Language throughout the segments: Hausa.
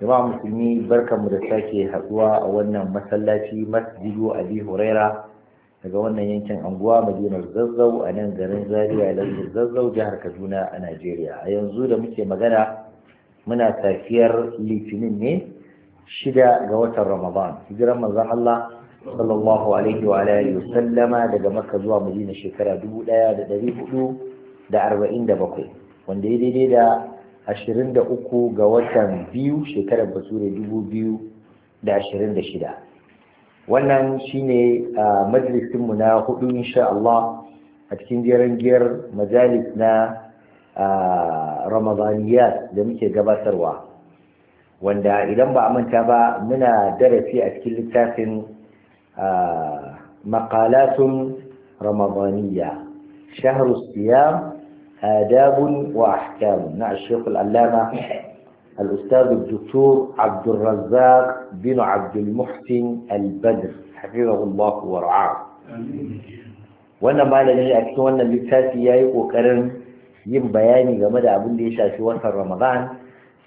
jama'a musulmi barkanmu da sake haduwa a wannan masallaci masjidu abi huraira daga wannan yankin anguwa madinar zazzau a nan garin zaria lardin zazzau jihar kaduna a najeriya a yanzu da muke magana muna safiyar litinin ne shida ga watan ramadan hijiran manzon allah sallallahu alaihi wa alihi wa sallama daga makka zuwa madina shekara bakwai. wanda ya daidai da ashirin da uku ga watan biyu shekarar basure dubu biyu da ashirin da shida wannan shine a majalisinmu na hudu insha Allah a cikin jerin giyar majalis na ramadaniyar da muke gabatarwa wanda idan ba a manta ba muna darasi a cikin littafin maƙalatun ramadaniya shahru آداب وأحكام مع الشيخ العلامة الأستاذ الدكتور عبد الرزاق بن عبد المحسن البدر حفظه الله ورعاه wannan malami a cikin wannan littafi ya yi ƙoƙarin yin bayani game da abin da ya shafi watan ramadan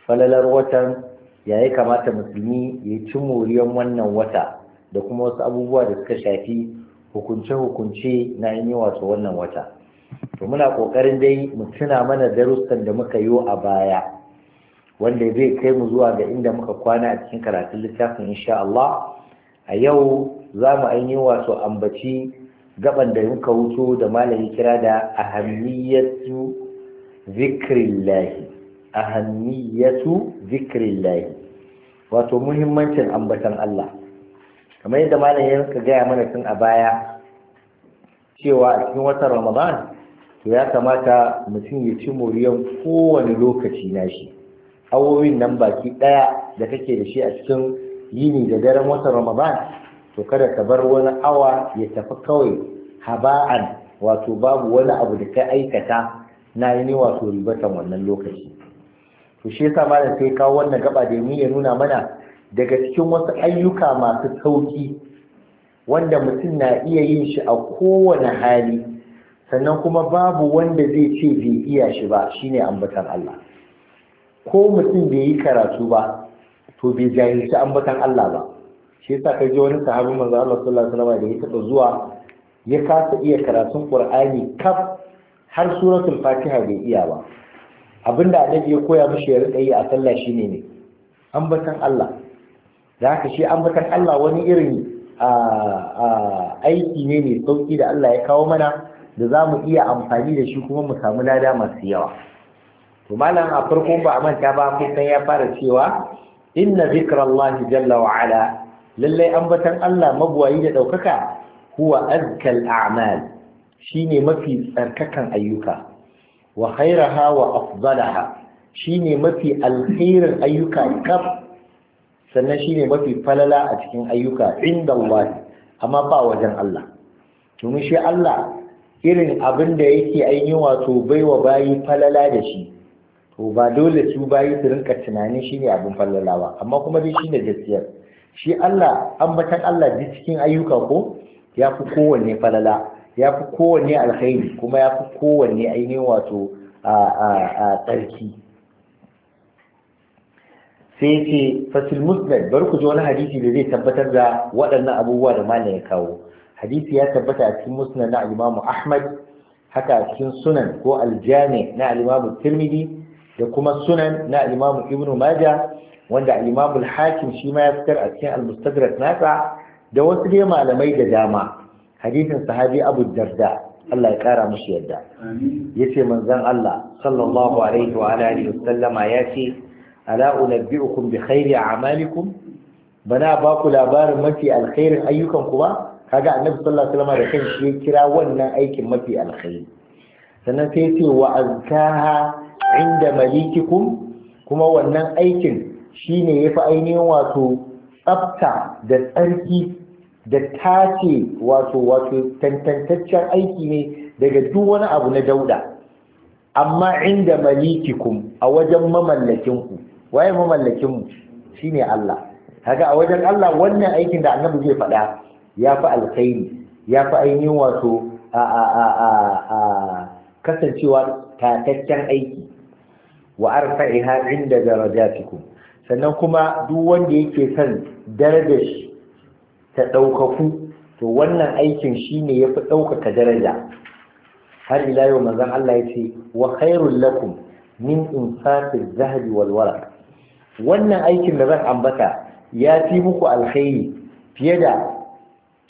falalar watan ya yi kamata musulmi ya ci moriyar wannan wata da kuma wasu abubuwa da suka shafi hukunce-hukunce na yi wato wannan wata to muna kokarin dai mu tuna mana darussan da muka yi a baya wanda zai kai mu zuwa ga inda muka kwana a cikin karatun littafin insha Allah a yau za mu an yi wato ambaci gaban da muka wuto da malami kira da ahammiyatu zikrillahi ahammiyatu zikrillahi wato muhimmancin ambatan Allah kamar yadda malamin ya gaya mana tun a baya cewa a cikin watan Ramadan to ya kamata mutum ya ci moriyan kowane lokaci na shi awowin nan baki ɗaya da kake da shi a cikin yini da daren wata ramadan to kada ka bar wani awa ya tafi kawai haba'an wato babu wani abu da ka aikata na yi ne wato ribatan wannan lokaci to shi yasa malam sai kawo wannan gaba da ya nuna mana daga cikin wasu ayyuka masu sauki wanda mutum na iya yin shi a kowane hali sannan kuma babu wanda zai ce zai iya shi ba shine ambatan Allah ko mutum bai yi karatu ba to bai jahilci ambatan Allah ba shi yasa kai wani sahabin manzo Allah sallallahu alaihi wasallam da ya taba zuwa ya kasa iya karatun Qur'ani kaf har suratul Fatiha bai iya ba abinda annabi ya koya mishi ya rika yi a sallah shine ne ambatan Allah da haka shi ambatan Allah wani irin aiki ne mai sauki da Allah ya kawo mana da za mu iya amfani da shi kuma mu samu lada masu yawa to malam a farko ba a manta ba kusan ya fara cewa inna zikrallahi jalla wa ala lallai ambatan Allah mabuwayi da daukaka huwa azkal a'mal shine mafi tsarkakan ayyuka wa khairaha wa afdalaha shine mafi alkhairin ayyuka kaf sannan shine mafi falala a cikin ayyuka inda Allah amma ba wajen Allah domin shi Allah irin abin da yake ainihin wato bai wa bayi falala da shi to ba dole su bayi su rinka tunanin shi ne abin falala ba amma kuma dai shi ne gaskiyar shi Allah ambatan Allah ji cikin ayyuka ko ya fi kowanne falala ya fi kowanne alkhairi kuma ya fi kowanne ainihin wato a tsarki sai ce fasil musnad bari ku ji wani hadisi da zai tabbatar da waɗannan abubuwa da malam ya kawo hadisi ya tabbata a cikin musnad na al Ahmad haka a cikin sunan ko al na al-Imam Tirmidhi da kuma sunan na al Ibnu Ibn wanda al-Imam al-Hakim shi ma ya fitar a cikin al-Mustadrak nasa da wasu dai malamai da dama hadisin sahabi Abu Darda Allah ya kara mushi yadda yace manzon Allah sallallahu alaihi wa alihi wasallama yace ala unabbiukum bi khairi a'malikum bana ba ku labarin mafi alkhairin ayyukanku ba kaga annabi sallallahu alaihi wasallam da kan ya kira wannan aikin mafi alkhairi sannan sai ce wa azkaha inda malikikum kuma wannan aikin shine yafi ainihin wato tsafta da tsarki da tace wato wato tantantaccen aiki ne daga duk wani abu na dauda amma inda malikikum a wajen mamallakinku waye mamallakinmu shine Allah kaga a wajen Allah wannan aikin da annabi zai faɗa ya fi alkhairi ya fi ainihin wato a a a a a kasancewa tataccen aiki wa arfa'iha inda darajatikum sannan kuma duk wanda yake son darajar shi ta ɗaukaku to wannan aikin shi ne ya fi ɗaukaka daraja har ila yau manzon Allah ya ce wa khairul lakum min infaqil zahabi wal wannan aikin da zan ambata ya fi muku alkhairi fiye da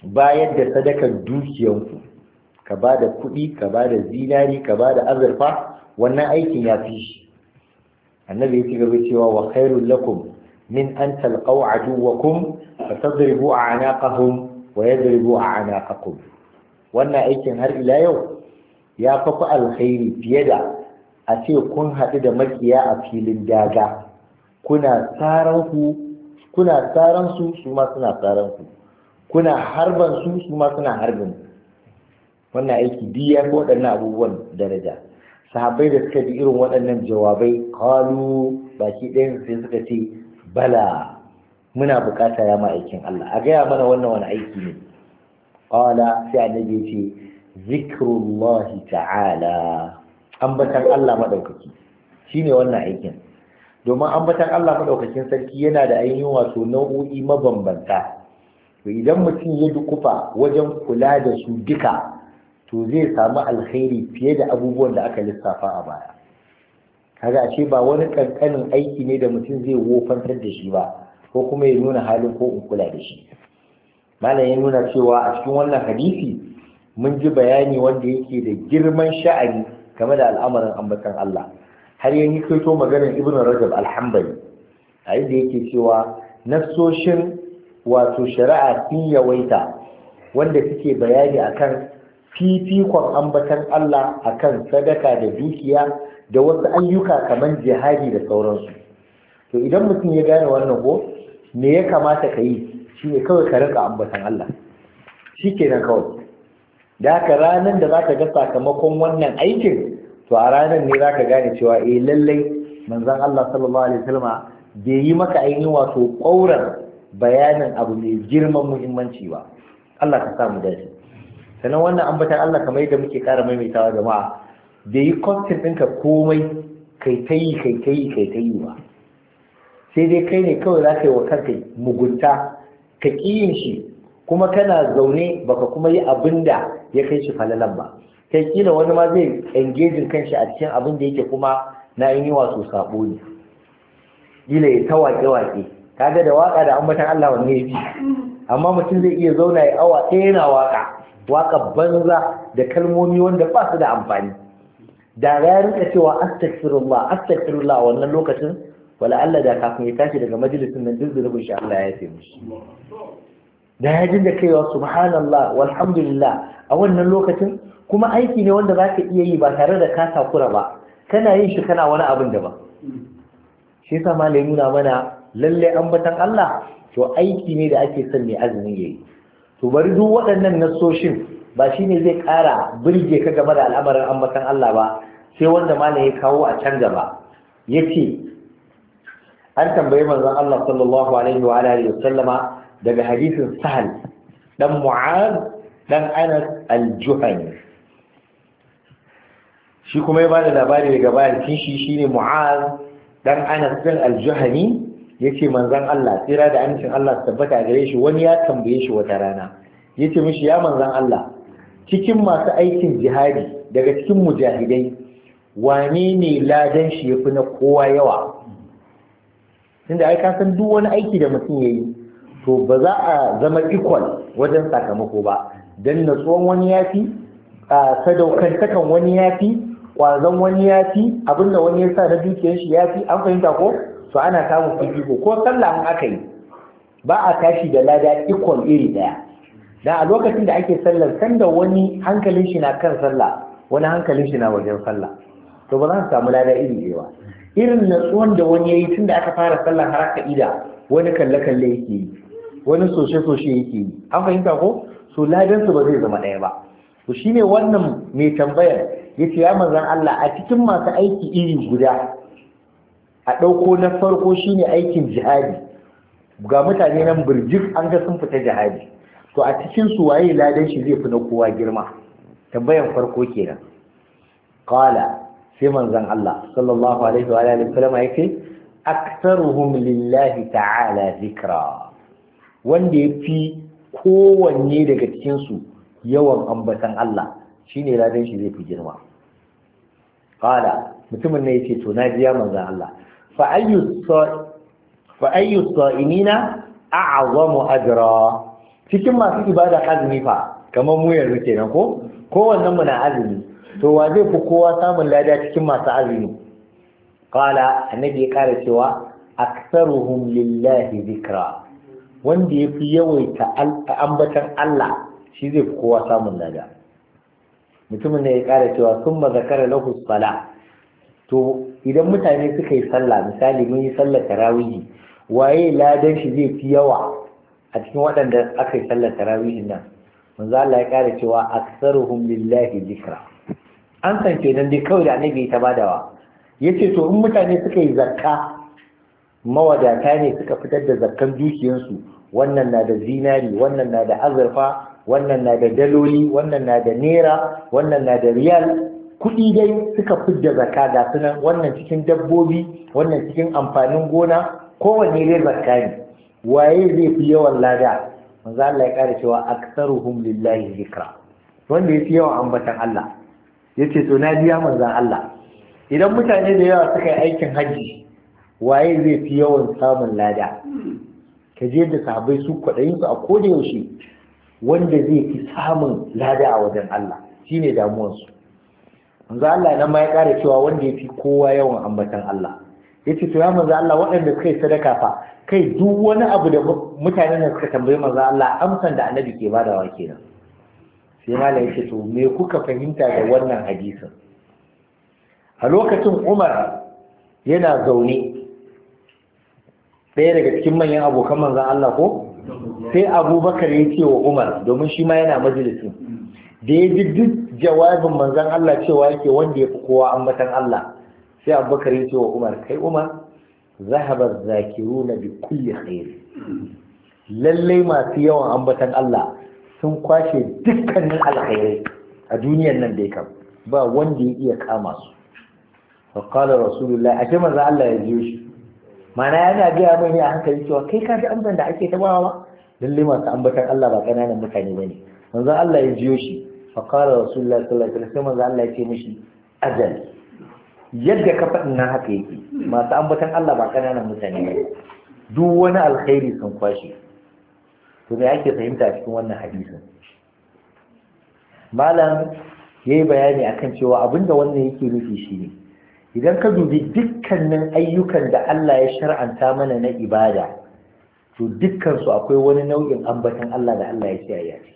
bayar da sadakar dukiyanku ka ba da kuɗi ka ba da zinari ka ba da azurfa wannan aikin ya fi shi annabi ya ci gaba cewa wa khairul lakum min an talqaw aduwakum fa tadribu a'naqahum wa yadribu a'naqakum wannan aikin har ila yau ya fafi alkhairi fiye da a ce kun haɗu da makiya a filin daga kuna tsaran ku kuna tsaran su su ma suna tsaran ku kuna harban su su ma suna harbin wannan aiki biya ko waɗannan abubuwan daraja sahabbai da suka bi irin waɗannan jawabai kalu baki ɗayan sai suka ce bala muna bukata ya ma aikin Allah a gaya mana wannan wani aiki ne qala sai annabi ce zikrullahi ta'ala ambatan Allah madaukaki shine wannan aikin domin ambatan Allah madaukakin sarki yana da ainihin wato nau'o'i mabambanta to idan mutum ya dukufa wajen kula da su duka to zai samu alkhairi fiye da abubuwan da aka lissafa a baya kaga ba wani kankanin aiki ne da mutum zai wofantar da shi ba ko kuma ya nuna halin ko in kula da shi malam ya nuna cewa a cikin wannan hadisi mun ji bayani wanda yake da girman sha'ani game da al'amarin ambatan Allah har yanzu kai to maganar Ibn Rajab al-Hanbali a inda yake cewa nasoshin wato shari'a sun yawaita wanda suke bayani akan fifikon ambatan Allah akan sadaka da dukiya da wasu ayyuka kamar jihadi da sauransu to idan mutum ya gane wannan ko me ya kamata ka yi shi ne kawai ka rika ambatan Allah shi kenan kawai da haka ranar da za ka ga sakamakon wannan aikin to a ranar ne za ka gane cewa eh lallai manzon Allah sallallahu alaihi wasallam bai yi maka ainihin wato ƙauran bayanin abu mai girman muhimmanci ba Allah ka samu dace sannan wannan ambatan Allah kamar yadda muke ƙara maimaitawa jama'a da yi kwastin ɗinka komai kai ta yi kai ta yi kai ta yi ba sai dai kai ne kawai za ka yi wa kanka mugunta ka ƙi yin shi kuma kana zaune baka kuma yi abin da ya kai shi falalan ba kai kila wani ma zai engaging kanshi a cikin abin da yake kuma na yi wasu sabo ne kila ya ta waƙe-waƙe kaga da waka da ambatan Allah wanne yafi amma mutum zai iya zauna ya awa ɗaya na waka waka banza da kalmomi wanda ba su da amfani da ya rinka cewa astaghfirullah astaghfirullah a wannan lokacin wala Allah da kafin ya tashi daga majalisin nan duk shi Allah ya yi mishi da ya jin da kaiwa subhanallah walhamdulillah a wannan lokacin kuma aiki ne wanda zaka iya yi ba tare da ka takura ba kana yin shi kana wani abin da ba shi yasa malai nuna mana lalle ambatan Allah to aiki ne da ake son mai azumi yayi to bari duk waɗannan nasoshin ba shine zai ƙara birge ka game da al'amarin ambatan Allah ba sai wanda ma ya kawo a can gaba yace an tambayi manzon Allah sallallahu alaihi wa alihi wasallama daga hadisin Sahal dan Mu'adh dan Anas al-Juhani shi kuma ya bada labari daga bayan shi shine Mu'adh dan Anas bin al-Juhani Ya ce, manzan Allah tsira da amincin Allah su tabbata gare shi wani ya tambaye shi wata rana Ya yace mishi ya manzan Allah cikin masu aikin jihadi daga cikin mujahidai wane ne ladan shi ya fi na kowa yawa tunda ai san duk wani aiki da mutum ya yi, to ba za a zama equal wajen sakamako ba dan natsuwan wani ya yafi sadaukantakan wani ya fi? Ƙwazon wani ya yafi abinda wani ya sa na dukiyar shi ya fi? an fahimta ko to ana samun fifiko ko sallah in aka yi ba a tashi da lada ikon iri daya da a lokacin da ake sallar sanda wani hankalin shi na kan sallah wani hankalin shi na wajen sallah to ba za su samu lada iri ɗaya ba irin natsuwan da wani ya yi tun da aka fara sallar har aka ida wani kalle-kalle yake yi wani soshe-soshe yake yi an fahimta ko so su ba zai zama ɗaya ba to shine wannan mai tambayar ya ce ya manzan Allah a cikin masu aiki iri guda a ɗauko na farko shine aikin jihadi ga mutane nan birjik an ga sun fita jihadi to a cikin su waye ladan shi zai fi na kowa girma tambayan farko kenan qala sai manzon Allah sallallahu alaihi wa alihi wasallam yake lillahi ta'ala zikra wanda yafi kowanne daga cikin su yawan ambatan Allah shine ladan shi zai fi girma qala mutumin ne yace to na jiya manzon Allah fa'ayyu sa'imina a'azamu ajra cikin masu ibada azumi fa kamar mu yanzu kenan ko kowannen mu na azumi to wa zai fi kowa samun lada cikin masu azumi qala annabi ya kara cewa aktsaruhum lillahi zikra wanda yafi yawaita ambatan Allah shi zai fi kowa samun lada mutumin ne ya kara cewa sun zakara lahu sala to idan mutane suka yi sallah misali mun yi sallar tarawihi waye ladan shi zai fi yawa a cikin waɗanda aka yi sallah tarawihi nan manzo Allah ya kare cewa Aksar lillahi dhikra an san kenan dai kawai da annabi ta badawa yace to in mutane suka yi zakka mawadata ne suka fitar da zakkan dukiyarsu wannan na da zinari wannan na da azurfa wannan na da daloli wannan na da naira wannan na da riyal kuɗi dai suka fidda zakka ga sunan wannan cikin dabbobi wannan cikin amfanin gona kowane dai zakka ne waye zai fi yawan lada manzo Allah ya kare cewa aktsaruhum lillahi zikra wanda yafi yawan ambatan Allah yace to na biya manzo Allah idan mutane da yawa suka yi aikin haji waye zai fi yawan samun lada ka je da sahabbai su kwaɗayin su a koda yaushe wanda zai fi samun lada a wajen Allah shine damuwarsu manzo Allah nan ma ya ƙara cewa wanda yafi kowa yawan ambatan Allah yace to ya manzo Allah waɗanda suka sadaka fa kai duk wani abu da mutane ne suka tambaye manzo Allah amsan da annabi ke bada badawa kenan sai mala yace to me kuka fahimta da wannan hadisin a lokacin Umar yana zaune ɗaya daga cikin manyan abokan manzan Allah ko sai Abubakar ya ce wa Umar domin shi ma yana majalisin da ya ji duk jawabin manzan Allah cewa yake wanda ya fi kowa ambatan Allah sai abubakar ya ce wa umar kai umar zahabar zakiru na bi kulli khairi. lallai masu yawan ambatan Allah sun kwashe dukkanin alkhairai a duniyar nan da ya ba wanda ya iya kama su faƙalar rasulullah a ce manzan Allah ya jiyo shi mana yana gaya mai a hankali cewa kai ka ji amsan da ake tabawa lallai masu ambatan Allah ba ƙananan mutane ba ne manzan Allah ya jiyo shi faƙarar rasulullah sallallahu alaihi wasallam manzo Allah ya ce mishi ajal yadda ka faɗin nan haka yake masu ambatan Allah ba ƙananan mutane ba duk wani alkhairi sun kwashe to me ake fahimta cikin wannan hadisin malam yayi bayani akan cewa abinda wannan yake nufi shine idan ka dubi dukkanin ayyukan da Allah ya shar'anta mana na ibada to dukkan su akwai wani nau'in ambatan Allah da Allah ya ce a ciki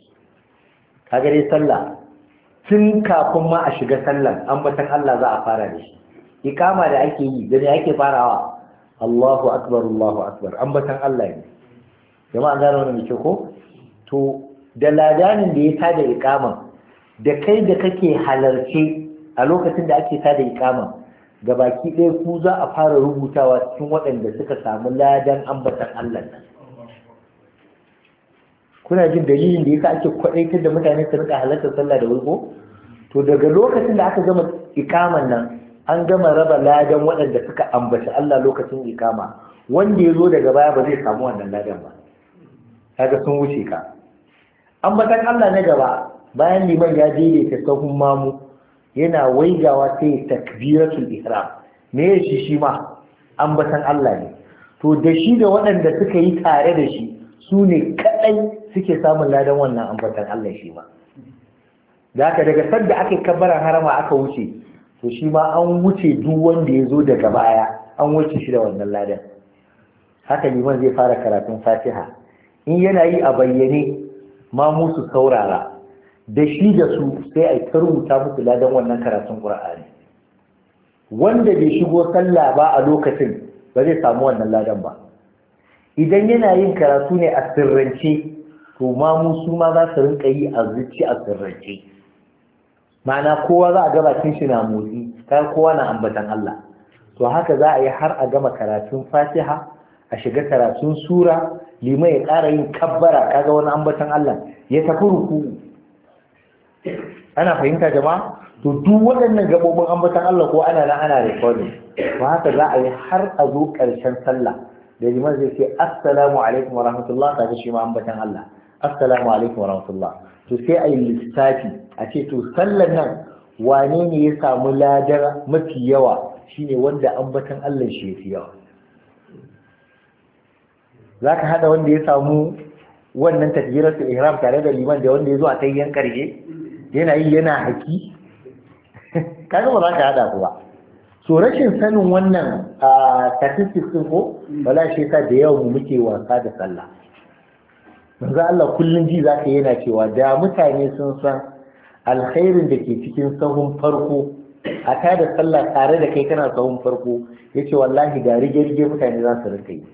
kaga dai sallah tun kafin ma a shiga sallan ambatan Allah za a fara da shi ikama da ake yi da ne ake farawa Allahu akbar Allahu akbar ambatan Allah ne jama'a gane wannan muke ko to da ladanin da ya tada ikama da kai da kake halarce a lokacin da ake tada ikama ga baki ɗaya ku za a fara rubutawa cikin waɗanda suka samu ladan ambatan Allah nan kuna jin dalilin da yasa ake kwadaitar da mutane su rika halartar sallah da wurgo to daga lokacin da aka gama ikaman nan an gama raba ladan waɗanda suka ambaci Allah lokacin ikama wanda ya zo daga baya ba zai samu wannan ladan ba kaga sun wuce ka ambatan Allah na gaba bayan liman ya daidaita sahun mamu yana waigawa sai takbiratul ihram me shi shi ma ambatan Allah ne to da shi da waɗanda suka yi tare da shi su ne kaɗai suke samun ladan wannan ambatan Allah shi ma da haka daga sanda ake kabbaran harama aka wuce to shi ma an wuce duk wanda ya zo daga baya an wuce shi da wannan ladan haka liman zai fara karatun fatiha in yana yi a bayyane ma musu saurara da shi da su sai a ta rubuta musu ladan wannan karatun qur'ani wanda bai shigo sallah ba a lokacin ba zai samu wannan ladan ba idan yana yin karatu ne a sirrance to ma mu su ma za su rinka yi a zuci a sirrance ma'ana kowa za a ga bakin shi na motsi kayan kowa na ambatan Allah to haka za a yi har a gama karatun fatiha a shiga karatun sura liman ya ƙara yin kabbara kaga wani ambatan Allah ya tafi ruku ana fahimta jama'a to duk waɗannan gabobin ambatan Allah ko ana nan ana recording to haka za a yi har a zo ƙarshen sallah da liman zai ce assalamu alaikum wa rahmatullah kaga shi ma ambatan Allah assalamu alaikum wa rahmatullah to sai a yi lissafi a ce to sallar nan wane ne ya samu ladar mafi yawa shine wanda ambatan Allah shi yafi yawa zaka hada wanda ya samu wannan su ihram tare da liman da wanda ya zo a yan karshe yana yi yana haki ga ba za ka hada ku ba so rashin sanin wannan a ah, statistics ko bala shi sa da yawan mu muke wasa da sallah manzo Allah kullun ji zaka yana cewa da mutane sun san alkhairin da ke cikin sahun farko a tada sallah tare da kai kana sahun farko yace wallahi ga rige rige mutane za su rinka yi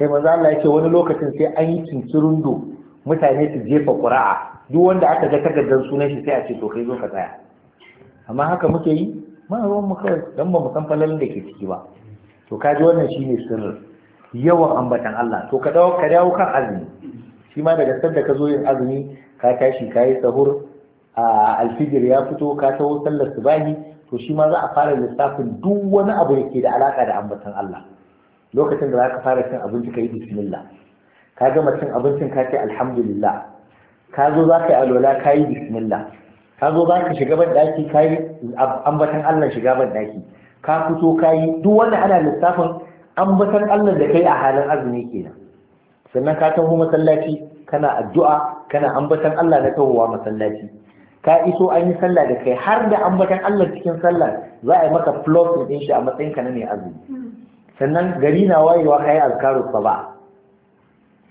Sai manzo Allah yace wani lokacin sai an yi do mutane su jefa ƙura'a duk wanda aka ga takardar sunan shi sai a ce to kai zo ka tsaya amma haka muke yi ma ruwan mu kawai dan ba mu san falalin da ke ciki ba to kaji wannan shine sirrin yawan ambatan Allah to ka dawo ka dawo kan azumi shi ma daga sanda ka zo yin azumi ka tashi ka yi sahur a alfijir ya fito ka taho sallar subahi to shi ma za a fara lissafin duk wani abu da ke da alaka da ambatan Allah lokacin da za ka fara cin abinci ka yi bismillah ka gama cin abincin ka ce alhamdulillah ka zo za ka yi alwala ka yi bismillah ka zo za ka shiga ban ɗaki ka yi ambatan Allah shiga ban ɗaki ka fito ka yi duk wannan ana lissafin ambatan Allah da kai a halin azumi kenan sannan ka taho masallaci kana addu'a kana ambatan Allah na tahowa masallaci ka iso an yi sallah da kai har da ambatan Allah cikin sallah za a yi maka plus din shi a matsayin ka na mai azumi sannan gari na wayewa kai azkaru saba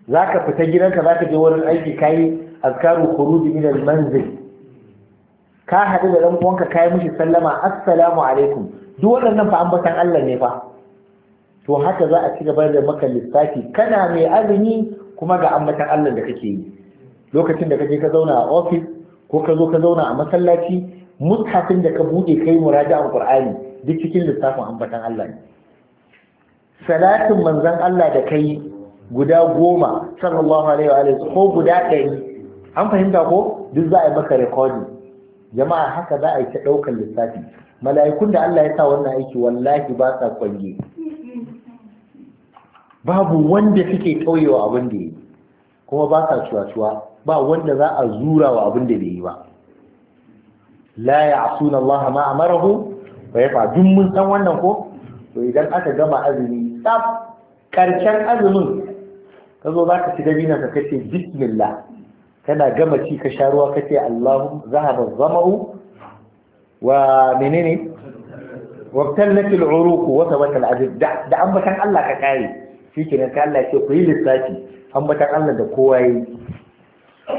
zaka fita gidanka zaka je wurin aiki kai azkaru khuruj min al-manzil ka haɗu da ɗan uwanka kai mishi sallama assalamu alaikum duk waɗannan fa ambatan Allah ne fa to haka za a ci gaba da maka lissafi kana mai azumi kuma ga ambatan Allah da kake yi lokacin da kaje ka zauna a office ko ka zo ka zauna a masallaci mutafin da ka bude kai a Qur'ani duk cikin lissafin ambatan Allah ne salatin manzon Allah da kai guda goma sallallahu alaihi wa alihi ko guda ɗari an fahimta ko duk za a yi maka recording jama'a haka za a yi ta ɗaukar lissafi mala'ikun da Allah ya sa wannan aiki wallahi ba sa kwange babu wanda suke tauyewa abin da ya yi kuma ba sa cuwa-cuwa ba wanda za a zura wa abin da bai yi ba la ya'suna Allah ma amarahu wa yafa duk mun san wannan ko to idan aka gama azumi tsaf karshen azumin ka zo za ka ci dabina ka ce, bismillah kana gama ci ka sha ruwa kace Allahu zahaba zama'u wa menene wabtallatil uruq wa tabata al da an ambatan Allah ka kare shi kenan ka Allah ce ku yi lissafi ambatan Allah da kowa yi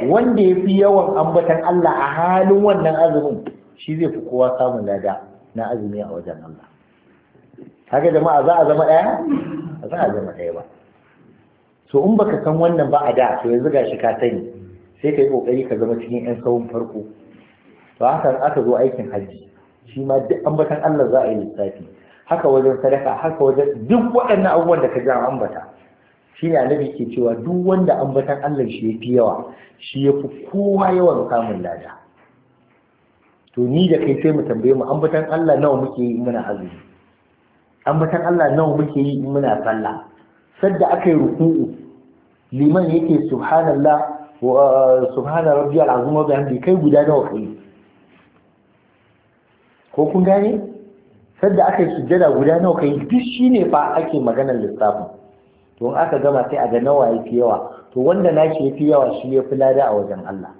wanda ya fi yawan ambatan Allah a halin wannan azumin shi zai fi kowa samun lada na azumi a wajen Allah Haka jama'a za a zama ɗaya ba za a zama ɗaya ba so in baka san wannan ba a da to yanzu shi ka sani sai ka yi kokari ka zama cikin yan sahun farko to haka aka zo aikin hajji shi ma duk ambatan Allah za a yi lissafi haka wajen sadaka haka wajen duk waɗannan abubuwan da ka ji ambata shi ne annabi ke cewa duk wanda ambatan Allah shi ya fi yawa shi ya fi kowa yawan samun lada to ni da kai sai mu tambaye mu ambatan Allah nawa muke yi muna azumi ambatan Allah nawa muke yi muna sallah sadda aka yi ruku'u liman yake subhanallah subhana rabbiyal azim wa bihamdi kai guda nawa kai ko kun gane sadda aka yi sujjada guda nawa kai duk ne fa ake maganar lissafin to in aka gama sai a ga nawa yafi yawa to wanda nashi fi yawa shi ya fi lada a wajen Allah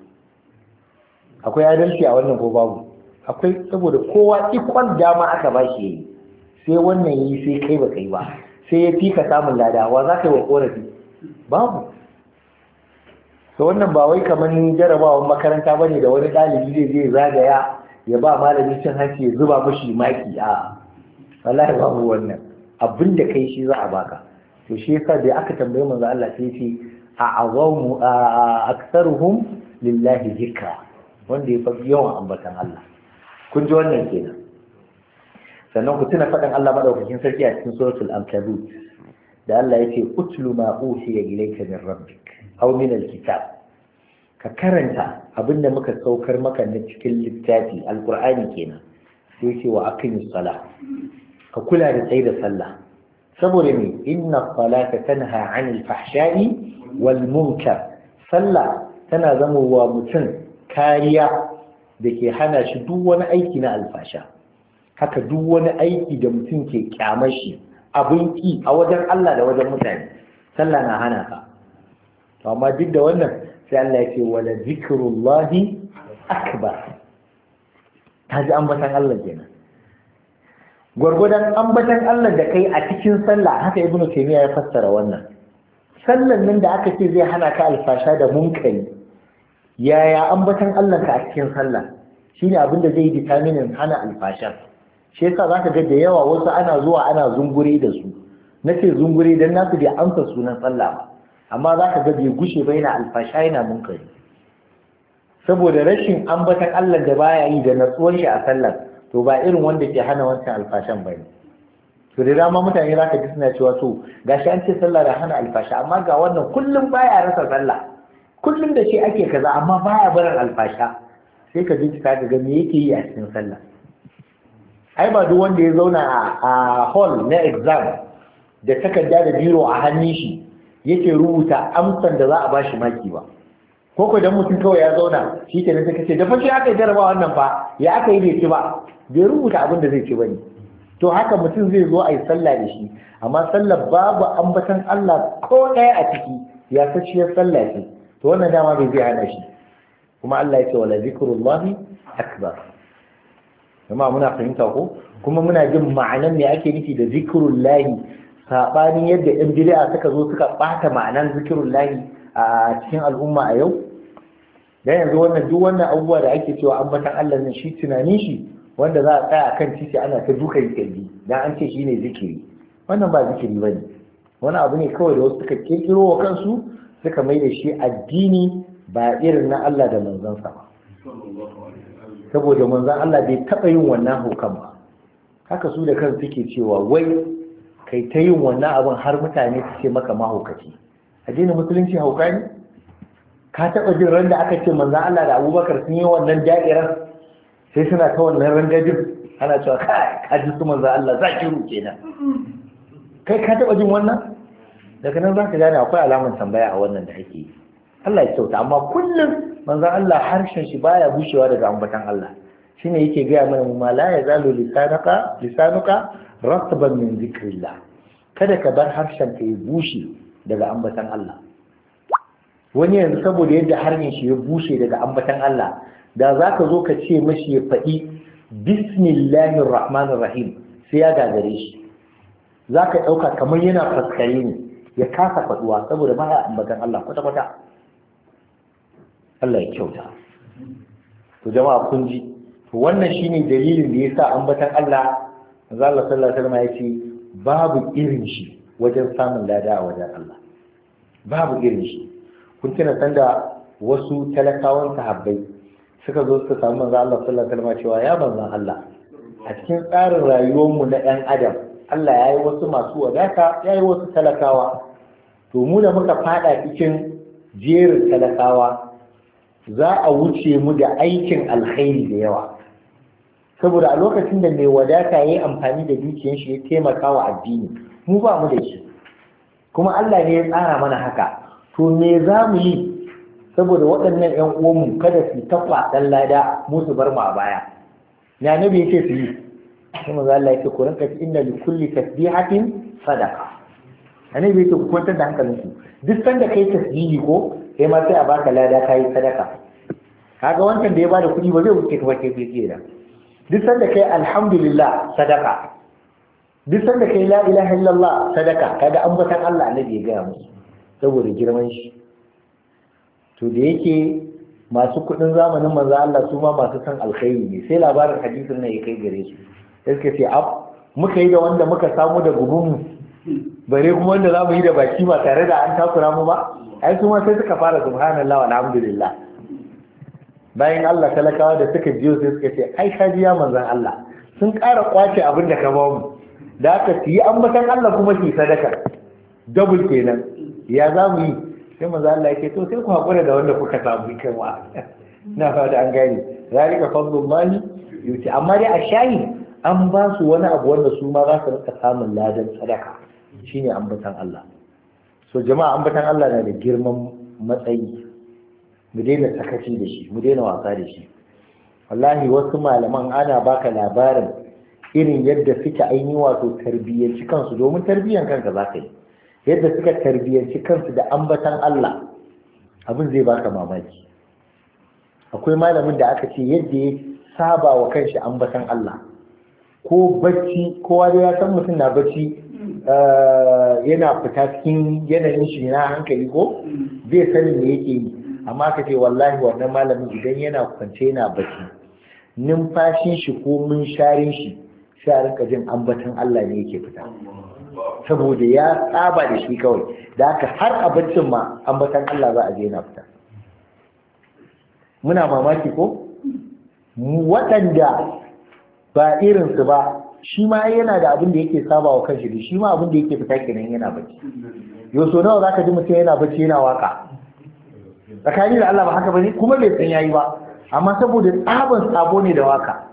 akwai adalci a wannan ko babu akwai saboda kowa ikon dama aka ba shi yayi sai wannan yi sai kai ba kai ba sai ya fi ka samun lada wa za ka yi wa korafi babu To wannan ba wai kamar jarabawan makaranta ba ne da wani ɗalibi zai zai zagaya ya ba malami cin hanci ya zuba mashi maki a wallahi babu wannan abin da kai shi za a baka to shi yasa da aka tambaye manzo Allah sai ce a azamu aktsaruhum lillahi zikra wanda ya fi yawan ambatan Allah kun ji wannan kenan sannan ku tuna faɗin Allah madaukakin sarki a cikin suratul ankabut da Allah yake utlu ma uhiya ilayka min rabbik aw min alkitab ka karanta abin da muka saukar maka na cikin littafi alkur'ani kenan sai ce wa akan sala ka kula da tsaye da sallah saboda me inna salata tanha anil fahsha'i wal munkar sallah tana wa mutum kariya da ke hana shi duk wani aiki na alfasha haka duk wani aiki da mutum ke ƙyamashi, shi abin ki a wajen Allah da wajen mutane sallah na hana ka to amma duk da wannan sai Allah ya ce wala zikrullahi akbar ta ji ambatan Allah kenan gwargwadon ambatan Allah da kai a cikin sallah haka ibnu taymiya ya fassara wannan sallan nan da aka ce zai hana ka alfasha da munkari yaya ambatan Allah ka a cikin sallah shine abin da zai determinin hana alfasha shi yasa zaka ga da yawa wasu ana zuwa ana zungure da su nace zungure dan nasu bai amsa sunan sallah ba amma za ka ga bai gushe ba yana alfasha yana munkari saboda rashin ambatan Allah da baya yi da natsuwar shi a sallar to ba irin wanda ke hana wancan alfashan ba ne to da dama mutane za ka ji suna cewa to shi an ce sallah da hana alfasha amma ga wannan kullum baya rasa sallah kullum da shi ake kaza amma baya barin alfasha sai ka ji ka ga me yake yi a cikin sallah ai ba duk wanda ya zauna a hall na exam da takarda da biro a hannun shi yake rubuta amsan da za a bashi maki ba ko ko dan mutum kawai ya zauna shi ke nan sai kace da fashi aka yi jarabawa wannan fa ya aka yi bai ci ba bai rubuta abin da zai ci bane to haka mutum zai zo ayi sallah da shi amma sallar babu ambatan Allah ko ɗaya a ciki ya saciyar sallah ce to wannan dama bai zai hana shi kuma Allah ya ce wala zikrullahi akbar muna fahimta ko kuma muna jin ma'anan me ake nufi da zikrullahi saɓanin yadda yan bid'a suka zo suka ɓata ma'anar zikirullahi a cikin al'umma a yau dan yanzu wannan duk wannan abubuwa da ake cewa ambatan Allah ne shi tunanin shi wanda za a tsaya akan titi ana ta dukan kirji dan an ce shine zikiri wannan ba zikiri bane wani abu ne kawai da wasu suka kirkiro wa kansu suka mai da shi addini ba irin na Allah da manzansa ba saboda manzan Allah bai taɓa yin wannan hukan ba haka su da kansu suke cewa wai kai ta yin wannan abin har mutane su ce maka mahaukaci addinin musulunci hauka ne ka taɓa jin randa aka ce manzan Allah da abubakar sun yi wannan da'irar sai suna ta wannan rangajin ana cewa kai ka ji su manzan Allah za ki ruke na. kai ka taɓa jin wannan daga nan za ka gane akwai alamar tambaya a wannan da ake yi Allah ya kyauta amma kullum manzan Allah harshen shi baya bushewa daga ambatan Allah shine yake gaya mana mu ma la yazalu lisanuka rasban min zikrillah kada ka bar harshen ka ya bushe daga ambatan Allah wani yanzu saboda yadda harshen shi ya bushe daga ambatan Allah da za ka zo ka ce mashi ya faɗi bismillahir rahmanir rahim sai ya gagare shi za ka ɗauka kamar yana faskare ne ya kasa faɗuwa saboda ba ambatan Allah kwata-kwata Allah ya kyauta to jama'a kun ji wannan shine dalilin da yasa ambatan Allah manzo Allah sallallahu alaihi wasallam ya ce babu irin shi wajen samun lada a wajen Allah babu irin shi kun tuna sanda wasu talakawan sahabbai suka zo suka samu manzo Allah sallallahu alaihi wasallam cewa ya manzo Allah a cikin tsarin rayuwarmu na ɗan adam Allah ya yi wasu masu wadata ya yi wasu talakawa to mu da muka fada cikin jerin talakawa za a wuce mu da aikin alkhairi da yawa saboda a lokacin da mai wadata ya yi amfani da dukiyar shi ya taimaka wa addini mu ba mu da shi kuma Allah ne ya tsara mana haka to me za mu yi saboda waɗannan ƴan uwanmu kada su tafa ɗan lada mu su bar mu a baya ya nabi yake su yi kuma manzo Allah yake ku rinka inna li kulli tasbihatin sadaqa annabi yake ku kwantar da ku. duk sanda kai tasbihi ko kai ma sai a baka lada kai sadaka kaga wancan da ya bada kuɗi ba zai wuce ka ba ke da duk sanda kai alhamdulillah sadaka duk sanda kai la ilaha illallah sadaka kaga ambatan Allah annabi ya gaya musu saboda girman shi to da yake masu kudin zamanin manzo Allah su ma masu san alkhairi ne sai labarin hadisin nan ya kai gare su sai suka ce ab muka yi da wanda muka samu da gubun bare kuma wanda zamu yi da baki ba tare da an takura mu ba ai su ma sai suka fara subhanallah walhamdulillah bayan Allah talakawa da suka biyo sai suka ce ai ka biya manzon Allah sun ƙara kwace abin da ka ba mu da aka yi an ambatan Allah kuma shi sadaka double kenan ya za mu yi sai manzon Allah yake to sai ku hakura da wanda kuka samu kai wa na fada an gani zalika mali? yuti amma dai a shayi an ba su wani abu wanda su ma za su rika samun ladan sadaka shine ambatan Allah so jama'a ambatan Allah na da girman matsayi mu daina sakaci da shi mu daina wasa da shi wallahi wasu malaman ana baka labarin irin yadda suka ainihi wato tarbiyyanci kansu domin tarbiyyan kanka za ka yi yadda suka tarbiyyanci kansu da ambatan Allah abin zai baka mamaki akwai malamin da aka ce yadda ya saba wa kanshi ambatan Allah ko bacci kowa wani ya san mutum na bacci eh, yana fita cikin yanayin shi na hankali ko zai mm. sani me yake yi amma ka ce wallahi wannan malamin idan yana kwance yana bacci numfashin shi ko mun sharin shi sai ka jin ambatan Allah ne yake fita saboda ya tsaba da shi kawai da haka har abincin ma ambatan Allah za a je yana fita muna mamaki ko waɗanda ba irinsu ba shi ma yana da abin da yake saba wa kanshi da shi ma abin da yake fita kenan yana bacci yau so nawa zaka ji mutum yana bacci yana waka tsakani da Allah ba haka bane kuma bai san yayi ba amma saboda tsaban sabo ne da waka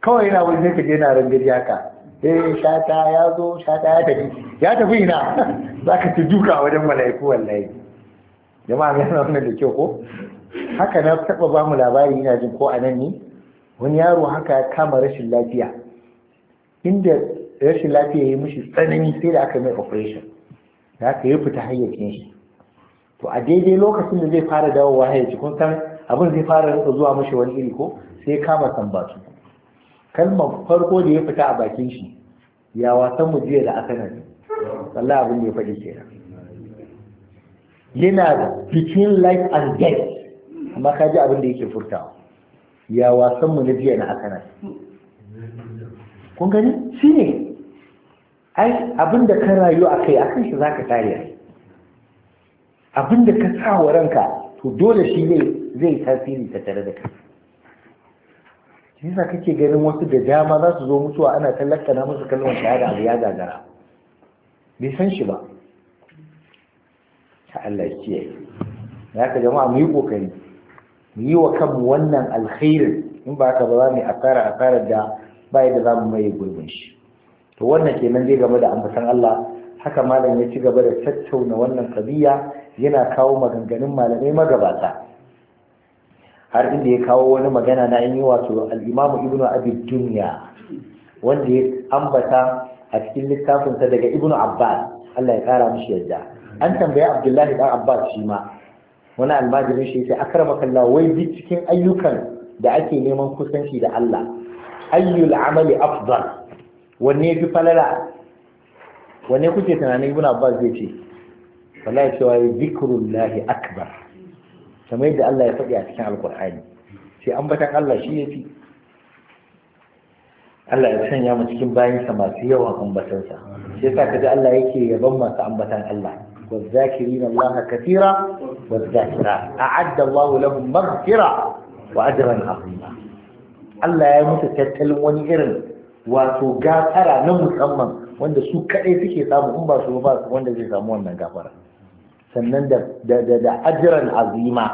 kawai yana wani zai ka je na rangari haka eh shata ya zo shata ya tafi ya tafi ina zaka ci duka wajen mala'iku wallahi jama'a ga wannan da kyau ko haka na taba ba mu labari ina jin ko anan ne wani yaro haka ya kama rashin lafiya inda rashin lafiya ya yi mishi tsanani sai da aka mai operation da aka yi fita hayyacin shi to a daidai lokacin da zai fara dawowa ya ji kun san abin zai fara rasa zuwa mashi wani iri ko sai kama sambatu kalmar farko da ya fita a bakin shi ya wasan mu jiya da asanar Allah abin da ya faɗi kenan yana da between life and death amma ka ji abin da yake furtawa ya wasan mu na jiya na asanar kun gani shi ne ai abin da ka rayu a kai akan shi za ka tariya abin da ka sa wa ranka to dole shi ne zai tasiri ta tare da ka. yasa kake ganin wasu da dama za su zo mutuwa ana na musu kalmar shahada abu ya gagara bai san shi ba ta Allah ya kiyaye ya ka jama'a mu yi kokari mu yi wa kanmu wannan alkhairin in ba haka ba za mu yi asara asarar da bai da za mu maye gurbin shi to wannan kenan zai game da ambatan Allah haka malam ya ci gaba da tattauna wannan kabiya yana kawo maganganun malamai magabata har inda ya kawo wani magana na yi wato al'imamu ibnu abi dunya wanda ya ambata a cikin littafinsa daga ibnu abbas Allah ya kara mishi yadda an tambayi abdullahi dan abbas shi ma wani almajirin shi sai akramaka kalla wai bi cikin ayyukan da ake neman kusanci da Allah ayyul amali afdal wanne fi falala wanne kuke tunanin ibnu abbas zai ce wallahi cewa ya zikrullahi akbar kamar yadda Allah ya faɗi a cikin alkur'ani sai ambatan Allah shi yafi Allah ya sanya mu cikin bayansa masu yawan ambatansa sai sa kaji Allah yake yaban masu ambatan Allah والذاكرين الله كثيرا والذاكرات أعد الله لهم مغفرة وأجرا عظيما Allah ya masa tattalin wani irin wato gafara na musamman wanda su kaɗai suke samu in ba su wanda zai samu wannan gafara sannan da ajiran azima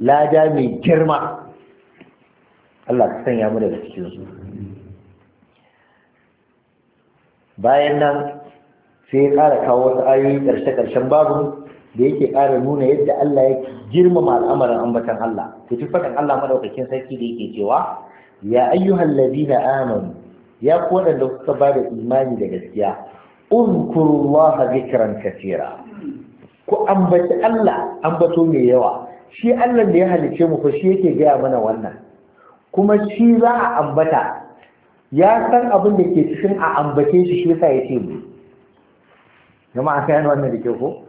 lada mai girma Allah ka sanya mu da cikin su bayan nan sai ya ƙara kawo wasu ayoyi ƙarshe-ƙarshen babu da yake ƙara nuna yadda Allah ya girmama al'amarin ambatan Allah ku ci faɗin Allah madaukakin sarki da yake cewa ya ayyuhan ladina aman ya ku waɗanda kuka ba da imani da gaskiya uzkurullaha zikran kaseera ku ambaci Allah ambato mai yawa shi Allah da ya halice mu fa shi yake gaya mana wannan kuma shi za a ambata ya san abin da ke cikin a ambace shi shi yasa yace mu jama'a sai wannan da ke ko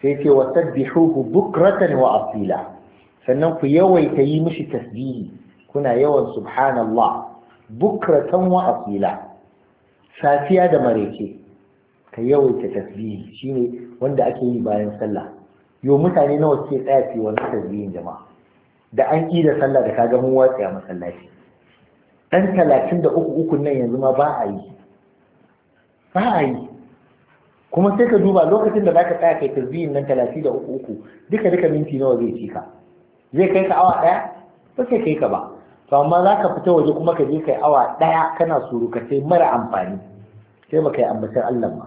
sai ce wa tasbihuhu bukratan wa asila sannan ku yawaita yi mishi tasbihi kuna yawan subhanallah bukratan wa asila safiya da mareke ka yawaita tasbihi shine wanda ake yi bayan sallah yo mutane nawa suke tsaya su wannan tasbihin jama'a da an ƙi da sallah da kaga mun watsa masallaci dan talatin da uku uku nan yanzu ma ba a yi ba a yi kuma sai ka duba lokacin da ka tsaya kai tasbihin nan talatin da uku uku duka duka minti nawa zai ci ka zai kai ka awa daya ba sai kai ka ba to amma za ka fita waje kuma ka je kai awa daya kana surukatai mara amfani sai baka yi ambatar Allah ma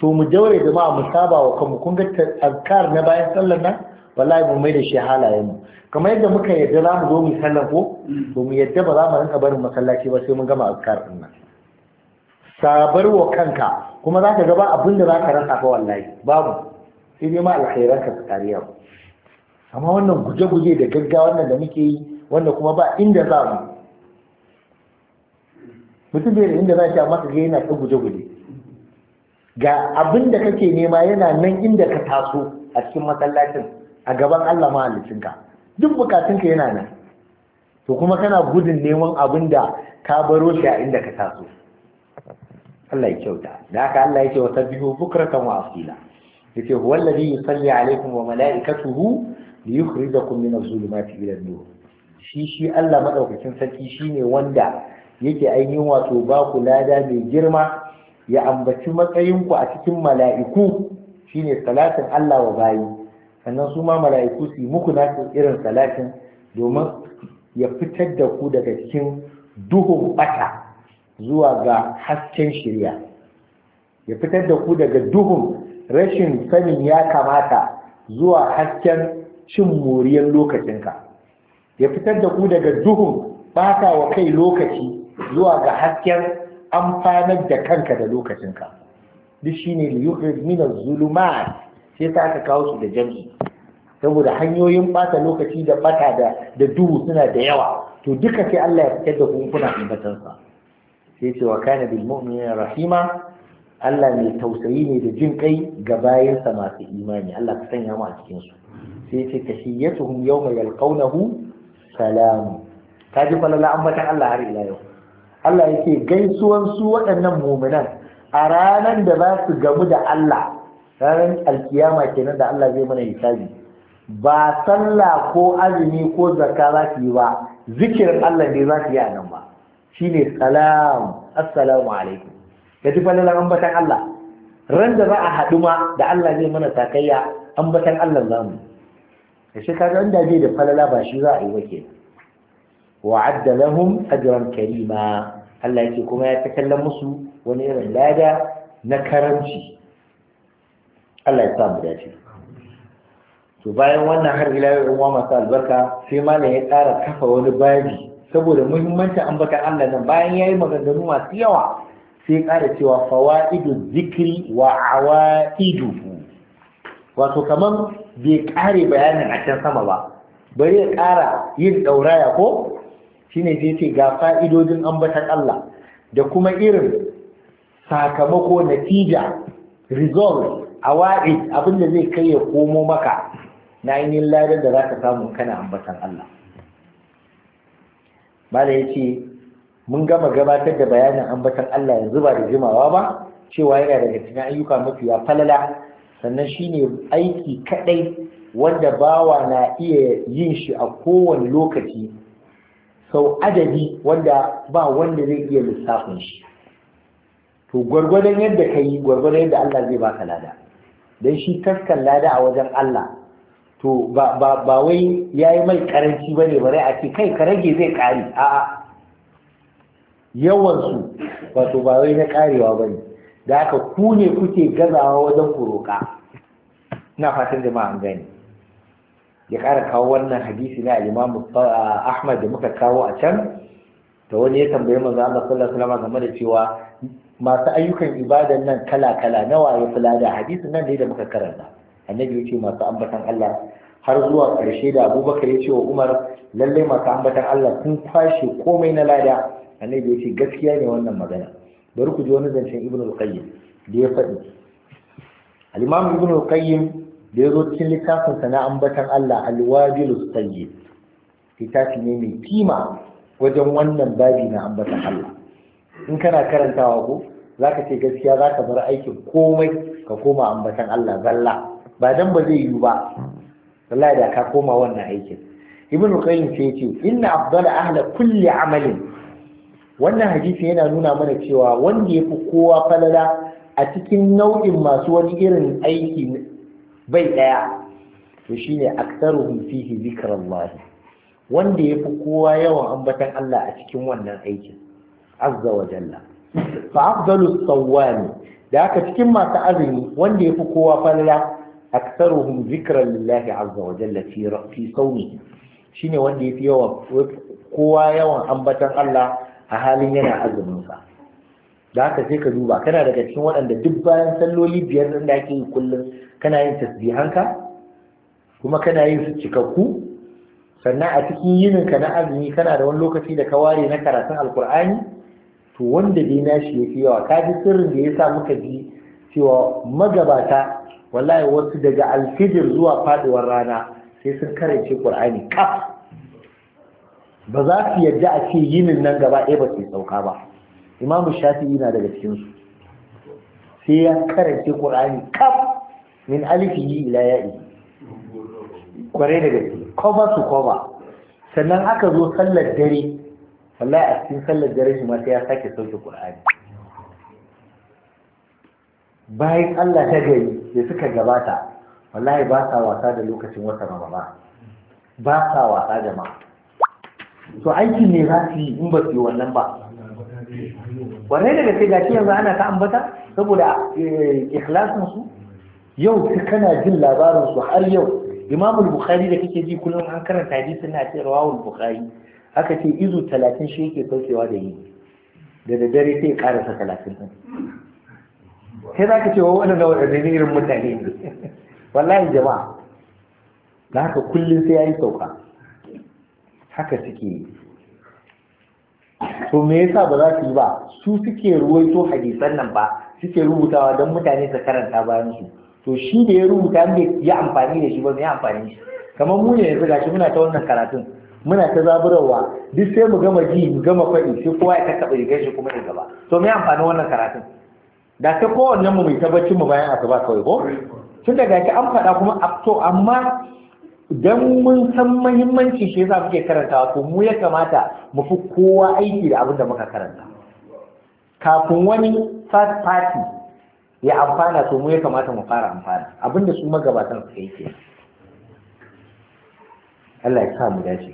so mu jaure ba mu saba wa kanmu kun ga azkar na bayan sallar nan wallahi mu mai da shi halayen mu kamar yadda muka yadda za mu zo mu sallar ko to mu yadda ba za mu rinka barin masallaci ba sai mun gama azkar din nan sabar wa kanka kuma za ka gaba abin da za ka rasa ba wallahi babu sai dai ma alkhairan ka tsariya amma wannan guje-guje da gaggawa wannan da muke yi wanda kuma ba inda za mu mutum bai da inda za shi amma ka ga yana ta guje-guje ga abin da kake nema yana nan inda ka taso a cikin masallacin a gaban Allah mahaliccinka duk bukatunka yana nan to kuma kana gudun neman abin da ka baro shi a inda ka taso Allah ya kyauta da haka Allah ya ce wa sabbihu bukratan wa asila yace huwa alladhi yusalli alaykum wa malaikatuhu liyukhrijakum min adh-dhulumati ila an-nur shi shi Allah madaukakin sarki shine wanda yake ainihin wato ba ku lada mai girma ya ambaci matsayinku a cikin mala'iku shine salatin Allah wa bayi sannan su ma mala'iku su yi muku nasu irin salatin domin ya fitar da ku daga cikin duhun bata zuwa ga hasken shirya ya fitar da ku daga duhun rashin sanin ya kamata zuwa hasken cin moriyar lokacinka ya fitar da ku daga duhun bata wa kai lokaci zuwa ga hasken amfanar da kanka da lokacinka duk shi ne yukhrij min az sai ta aka kawo su da jami'i saboda hanyoyin bata lokaci da bata da da duhu suna da yawa to duka sai Allah ya fitar da kunkuna ambatan sa sai ce wa kana bil mu'minina rahima Allah mai tausayi ne da jin kai ga bayansa masu imani Allah ka sanya mu a cikin su sai ce tahiyyatuhum yawma yalqawnahu salamu kaji falala ambatan Allah har ila yau Allah yake gaisuwan su waɗannan muminan a ranar da za su gamu da Allah ranar alkiyama kenan da Allah zai mana hisabi ba sallah ko azumi ko zakka za su yi ba zikirin Allah ne za su yi a nan ba shine salam assalamu alaikum ya ji falalan ambatan Allah ran da za a haɗu ma da Allah zai mana takayya ambatan Allah zamu Ya shi kaga inda da falala ba shi za a yi wa kenan wa'adda lahum ajran karima Allah yake kuma ya ta kallon musu wani irin lada na karanci Allah ya samu dace to bayan wannan har ila yau masu albarka sai malam ya tsara kafa wani babi saboda muhimmanci an ambatan Allah nan bayan yayi maganganu masu yawa sai ƙara cewa fawaidu zikri wa wato kamar bai ƙare bayanin a can sama ba bari ya ƙara yin ɗauraya ko shine zai ce ga fa'idodin ambatar Allah da kuma irin sakamako natija result a wa'id abinda zai kai ya komo maka na ainihin ladar da za ka samu kana ambatar Allah Bala ya ce mun gama gabatar da bayanin ambatar Allah yanzu ba da jimawa ba cewa yana daga cikin ayyuka mafiya falala sannan shine aiki kaɗai wanda bawa na iya yin shi a kowane lokaci sau adadi wanda ba wanda zai iya lissafin shi to gwargwadon yadda ka yi gwargwadon yadda Allah zai baka lada don shi taskan lada a wajen Allah to ba ba wai yayi mai karanci bane bare a ce kai ka rage zai kare a'a yawan su wato ba wai na karewa bane da aka ku ne kuke gazawa wajen kuroka na fatan jama'a an gani ya ƙara kawo wannan hadisi na imam Ahmad da muka kawo a can da wani ya tambaye manzo Allah sallallahu alaihi wasallam game da cewa masu ayyukan ibadan nan kala-kala nawa ya fi lada hadisin nan ne da muka karanta annabi ya ce masu ambatan Allah har zuwa ƙarshe da abubakar ya ce wa umar lallai masu ambatan Allah sun kwashe komai na lada annabi ya ce gaskiya ne wannan magana bari ku ji wani zancen ibn al-qayyim da ya faɗi al-imam ibn al-qayyim da ya zo cikin littafin na ambatan Allah alwabilus tayyib littafi ne mai kima wajen wannan babi na ambatan Allah in kana karantawa ko ka ce gaskiya zaka bar aikin komai ka koma ambatan Allah zalla ba dan ba zai yiwu ba wallahi da ka koma wannan aikin ibn qayyim sai yace inna afdala ahla kulli amalin wannan hadisi yana nuna mana cewa wanda yafi kowa falala a cikin nau'in masu wani irin aiki bai ɗaya to shine aktaruhum fihi zikrullah wanda ya fi kowa yawan ambatan Allah a cikin wannan aikin azza wa jalla fa afdalus sawami da haka cikin masu azumi wanda ya fi kowa falala aktaruhum zikran lillahi azza wa jalla fi fi sawmi shine wanda yafi yawa kowa yawan ambatan Allah a halin yana azumin sa Zaka ka sai ka duba kana daga cikin waɗanda duk bayan salloli biyar nan da ake yi kullum kana yin tasbihanka kuma kana yin su cikakku sannan a cikin yininka na azumi kana da wani lokaci da ka ware na karatun alkur'ani to wanda dai nashi ya fi yawa ka ji sirrin da ya sa muka ji cewa magabata wallahi wasu daga alfijir zuwa faduwar rana sai sun karance qur'ani kaf ba za su yadda a ce yinin nan gaba ɗaya ba su sauka ba imam shafi'i na daga cikin su sai ya karanta qur'ani kaf min yi ila ya'i kware da gaske cover su cover sannan aka zo sallar dare wallahi a cikin sallar dare shi ma sai ya sake sauke qur'ani bayan Allah ta gari da suka gabata wallahi ba sa wasa da lokacin wata ba, ba sa wasa da ma to aiki ne za su yi in ba su yi wannan ba ƙwarai daga sai gashi yanzu ana ta ambata saboda eh, ikhlasin su yau sai kana jin labarin su har yau imamul bukhari da kake ji kullum an karanta hadisin na ce al bukhari aka ce izu talatin shi yake saukewa da yi da dare sai ya karasa talatin sai za ka ce wa waɗanda waɗanda irin mutane ne wallahi jama'a da haka kullum sai ya yi sauka haka suke yi to me yasa ba za su yi ba su suke ruwaito hadisan nan ba suke rubutawa don mutane su karanta bayan su to shi da ya rubuta an yi amfani da shi ba mai amfani shi kamar mu ne yanzu gashi muna ta wannan karatun muna ta zaburarwa duk sai mu gama ji mu gama faɗi sai kowa ya kakkaɓe rigar shi kuma ya gaba to me amfanin wannan karatun da ta kowannen mu mai tabbacin mu bayan asuba kawai ko tun da ki an faɗa kuma to amma Idan mun san mahimmanci shi yasa muke karantawa to mu ya kamata mu fi kowa aiki da abin da muka karanta kafin wani third party ya amfana to mu ya kamata mu fara amfana abin da su magabatan suka yi kenan Allah ya sa mu dace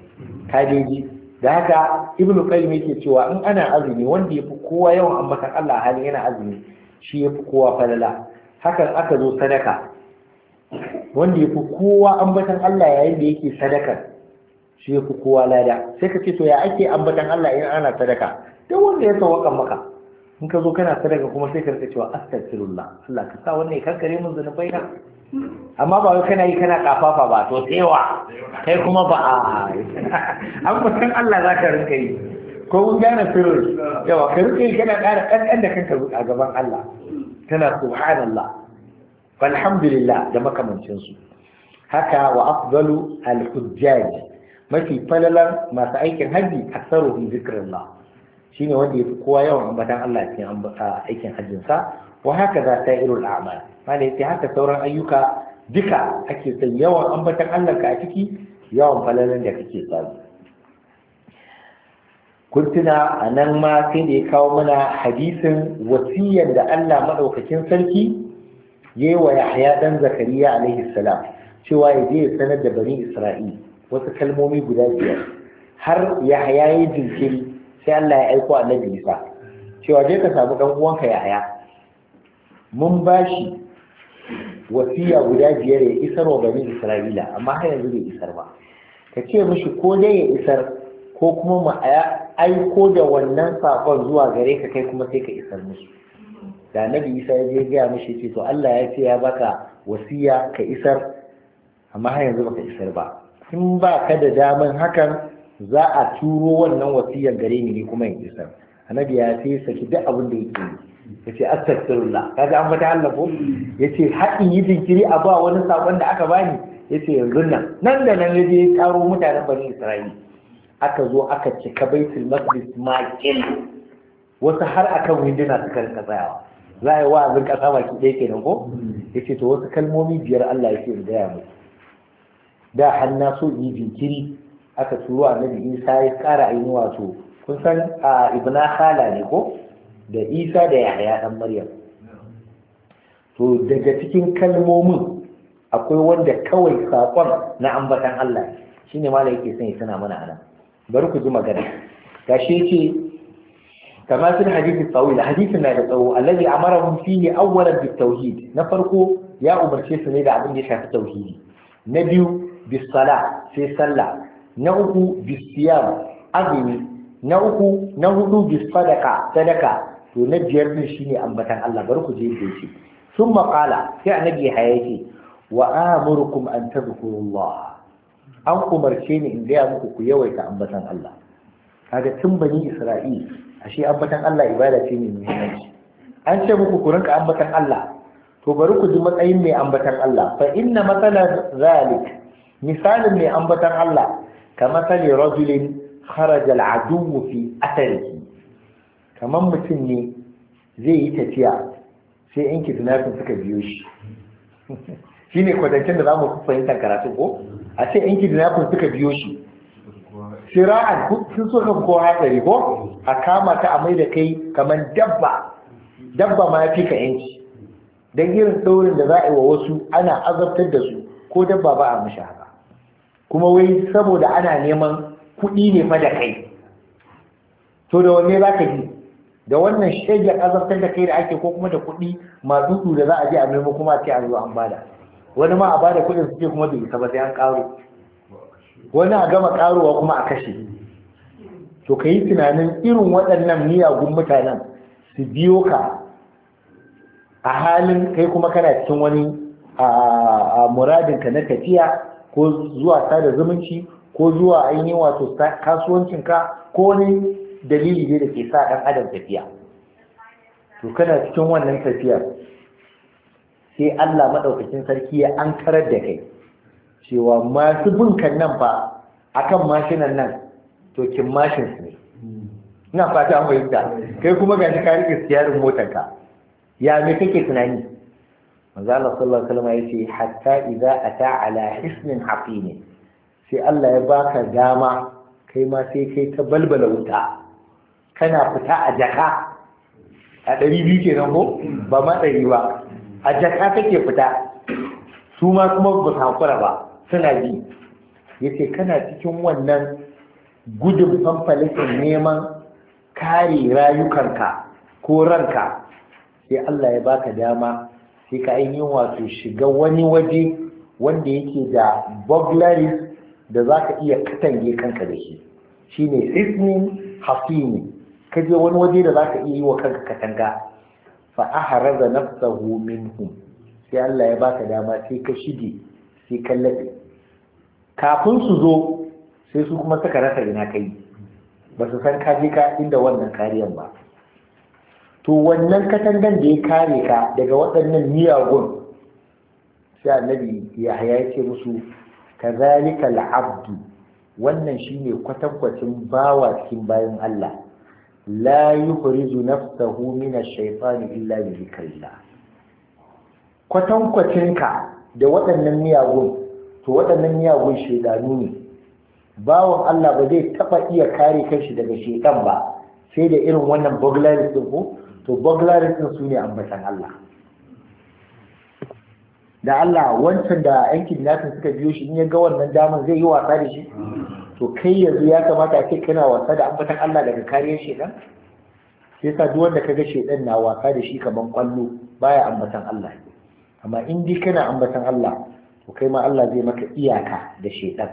kadeji da haka ibnu qayyim yake cewa in ana azumi wanda yafi kowa yawan ambatan Allah hali yana azumi shi yafi kowa falala hakan aka zo sadaka wanda ya fi kowa ambatan Allah yayin da yake sadaka shi ya fi kowa lada sai ka ce to ya ake ambatan Allah in ana sadaka duk wanda ya sawaka maka in ka zo kana sadaka kuma sai ka rika cewa astaghfirullah Allah ka sa wannan ya kankare mun zanubai na amma ba wai kana yi kana kafafa ba to tsewa kai kuma ba a ambatan Allah za ka rinka yi ko mun gane sirri yawa ka rinka yi kana ƙara ƙanƙan da kanka a gaban Allah kana subhanallah falhamdulillah da makamancinsu haka wa afdalu al hujjaji mafi falalar masu aikin haji aktsaru bi zikrillah shine wanda yafi kowa yawan ambatan Allah cikin aikin hajjin sa wa haka za ta irul a'mal malai sai haka sauran ayyuka duka ake son yawan ambatan Allah ka a ciki yawan falalar da kake samu kuntuna a nan ma sai da ya kawo mana hadisin wasiyar da Allah maɗaukakin sarki yi wa yahya dan zakariya alaihi salam cewa ya je ya sanar da bani isra'il wasu kalmomi guda biyar har yahya ya jinkiri sai Allah ya aiko annabi isa cewa je ka samu dan uwanka yahya mun bashi wasiya guda biyar ya isar wa bani isra'ila amma har yanzu bai isar ba ka ce mishi ko dai ya isar ko kuma mu aiko da wannan sakon zuwa gare ka kai kuma sai ka isar musu da Nabi isa ya je gaya mashi ce to Allah ya ce ya baka wasiya ka isar amma har yanzu baka isar ba in ba ka da daman hakan za a turo wannan wasiyar gare ni kuma in isar annabi ya ce saki duk abin da yake ya ce astaghfirullah kaga an fata Allah ko ya ce haɗin yi jinkiri a ba wani sakon da aka bani ya ce yanzu nan nan da nan ya je karo mutanen bani isra'ila aka zo aka cika baitul maqdis makil wasu har akan winduna suka rika tsayawa za a yi kasa ƙasa baki ɗaya kenan ko ya ce to wasu kalmomi biyar Allah ya ce in gaya mai da hanna so yi jinkiri aka turo annabi isa ya ƙara ainihin wato kun san a ibna hala ne ko da isa da yahaya ɗan maryam to daga cikin kalmomin akwai wanda kawai saƙon na ambatan Allah shine ma yake son ya mana anan bari ku ji magana gashi yace كما في الحديث الطويل حديث ما يتطوى الذي أمرهم فيه أولا بالتوحيد نفرقه يا أمر شيخ نبي عبد الله التوحيد نبي بالصلاة في صلاة نأكو بالصيام أغني نأكو نهدو بالصدقة صدقة ونجير من شيني أنبتا الله بركو جيد بيشي ثم قال يا نبي حياتي وآمركم أن تذكروا الله أن أمر شيني إن لي أمكو كيويك أنبتا الله هذا تنبني إسرائيل ashe ambatan Allah ibada ce mai muhimmanci an ce muku ku rinka ambatan Allah to bari ku ji matsayin mai ambatan Allah fa inna matsala zalik misalin mai ambatan Allah ka matsali rajulin kharaja al'aduwu fi atharihi kamar mutum ne zai yi tafiya sai yan kidnapping suka biyo shi Shi ne kwatancin da za mu fahimta karatu ko a ce yan kidnapping suka biyo shi sira'an sun suka ko hatsari ko a kama ta a mai da kai kamar dabba dabba ma ya fi ka yanci don irin ɗaurin da za a yi wa wasu ana azabtar da su ko dabba ba a mashi haka kuma wai saboda ana neman kuɗi ne fa da kai to da wanne za ka ji da wannan shege azabtar da kai da ake ko kuma da kuɗi ma masu da za a je a nemo kuma a ce a zo an bada wani ma a bada kuɗin su ce kuma bai isa ba sai an ƙaro wani a gama karuwa kuma a kashe to ka yi tunanin irin waɗannan miyagun mutanen su biyo ka a halin kai kuma kana cikin wani a muradinka na tafiya ko zuwa sada zumunci ko zuwa ainihin wato kasuwancinka ko wani dalili ne da ke sa ɗan adam tafiya to kana cikin wannan tafiyar sai Allah maɗaukacin sarki ya ankarar da kai cewa masu bin kan nan fa akan mashinan nan to kin mashin ne ina fata an fahimta kai kuma gashi ka rike siyarin motar ka ya me kake tunani manzo Allah sallallahu alaihi wasallam yace hatta idza ata ala hisnin haqini sai Allah ya baka dama kai ma sai kai ta balbala wuta kana fita a jaka a ɗari biyu kenan ko ba ma ɗari ba a jaka kake fita su ma kuma ba su hakura ba suna bi yace kana cikin wannan gudun fanfalikin neman kare rayukanka ko ranka sai Allah ya baka dama sai ka ainihin wato shiga wani waje wanda yake da burglaries da za ka iya katange kanka da shi Shi ne, ismin hafini ka je wani waje da za ka iya yi wa kanka katanga fa da nafsa minhum sai Allah ya baka dama sai ka shige sai ka kafin su zo sai su kuma suka rasa ina kai ba su san kaje ka inda wannan kariyan ba to wannan katangan da ya kare ka daga waɗannan miyagun sai annabi ya haya ce musu kazalika al'abdu wannan shine kwatankwacin bawa cikin bayan Allah la yukhrizu nafsahu min ash-shaytani illa bi dhikrillah kwatankwacin ka da waɗannan miyagun to waɗannan miyagun shaidanu ne bawan Allah ba zai taɓa iya kare kanshi daga shaidan ba sai da irin wannan burglaris ɗin ko to burglaris ɗin su ne ambatan Allah da Allah wancan da yan kidnapping suka biyo shi in ya ga wannan daman zai yi wasa da shi to kai yanzu ya kamata a ce kana wasa da ambatan Allah daga kariyar shaidan sai sa duk wanda kaga shaidan na wasa da shi kamar kwallo baya ambatan Allah amma in dai kana ambatan Allah to kai ma Allah zai maka iyaka da shedan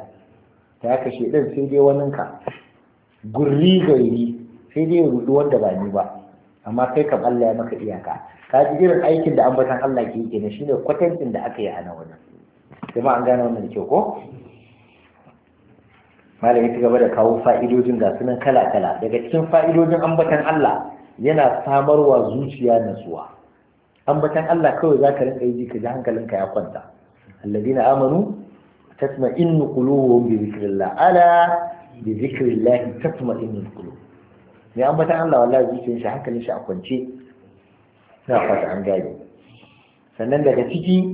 ta haka shedan sai dai wani ka gurri gairi sai dai rudu wanda ba ni ba amma kai kam Allah ya maka iyaka ka ji irin aikin da ambatan Allah ke yi ne shine kwatancin da aka yi a nan wannan kuma an gane wannan kyau ko malami ta gaba da kawo fa'idojin ga sunan kala kala daga cikin fa'idojin ambatan Allah yana samarwa zuciya natsuwa ambatan Allah kawai zaka rinka yi ka ji hankalinka ya kwanta الذين amanu tatma'innu قلوبهم بذكر الله ألا بذكر الله tatma'innu القلوب ne an bata Allah wallahi zuciyar shi hankalin shi a kwance na fata an gane sannan daga ciki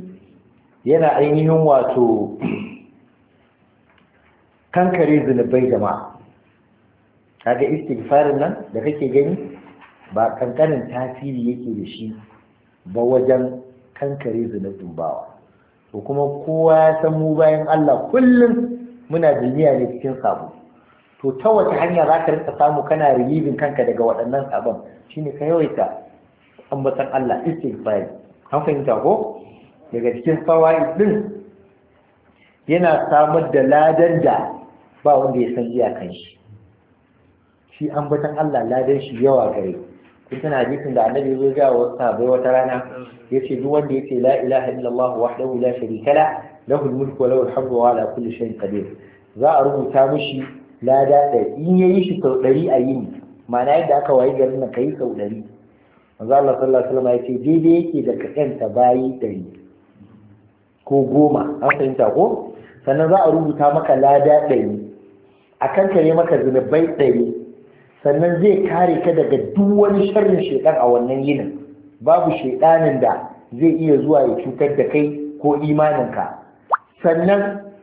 yana ainihin wato kankare zunubai jama'a kaga istighfarin nan da kake gani ba kankanin tasiri yake da shi ba wajen kankare zunubin bawa to kuma kowa ya san mu bayan Allah kullum muna duniya ne cikin sabo to ta wace hanya za ka rinka samu kana relieving kanka daga waɗannan sabon shine ka yawaita ambatan Allah istighfar an fahimta ko daga cikin fawai din yana samar da ladan da ba wanda ya san iyakan shi shi ambatan Allah ladan shi yawa gare kun tana hadisin da annabi zo ga wasu sahabbai wata rana yace duk wanda yace la ilaha illallah wahdahu la sharika la lahu mulku wa lahu alhamdu wa ala kulli shay'in qadir za a rubuta mishi lada da in yayi shi sau ɗari a yini ma'ana yadda aka wayi garin nan kai sau ɗari manzo Allah sallallahu alaihi wasallam yace daidai yake da kaɗanta bayi ɗari ko goma an fahimta ko sannan za a rubuta maka lada ɗari Akan kare maka zunubai ɗari sannan zai kare ka daga duk wani sharrin shaitan a wannan yinin babu shaitanin da zai iya zuwa ya cutar da kai ko imaninka sannan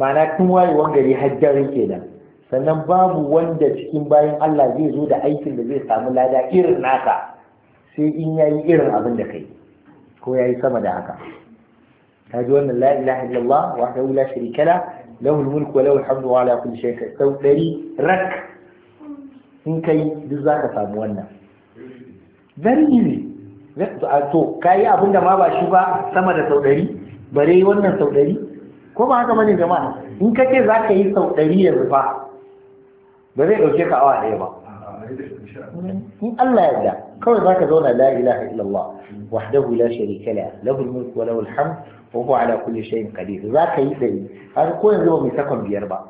mana tun wayewar gari hajjari kenan sannan babu wanda cikin bayan Allah zai zo da aikin da zai samu lada irin naka sai in yayi irin abin da kai ko yi sama da haka kaji wannan la ilaha illallah wahdahu la sharika la lahu mulku wa lahu hamdu wa ala kulli shay'in rak in kai duk za ka samu wannan very easy to ka yi abin da ma ba shi ba sama da sau ɗari bare yi wannan sau ɗari ko ba haka mani jama'a in ka ce za ka yi sau ɗari yanzu ba. ba zai ɗauke ka awa ɗaya ba in Allah ya da kawai za ka zauna la ilaha illallah wahdahu la sharika la al mulku wa al hamd wa huwa ala kulli shay'in qadir za ka yi ɗari har ko yanzu ba mu sakon biyar ba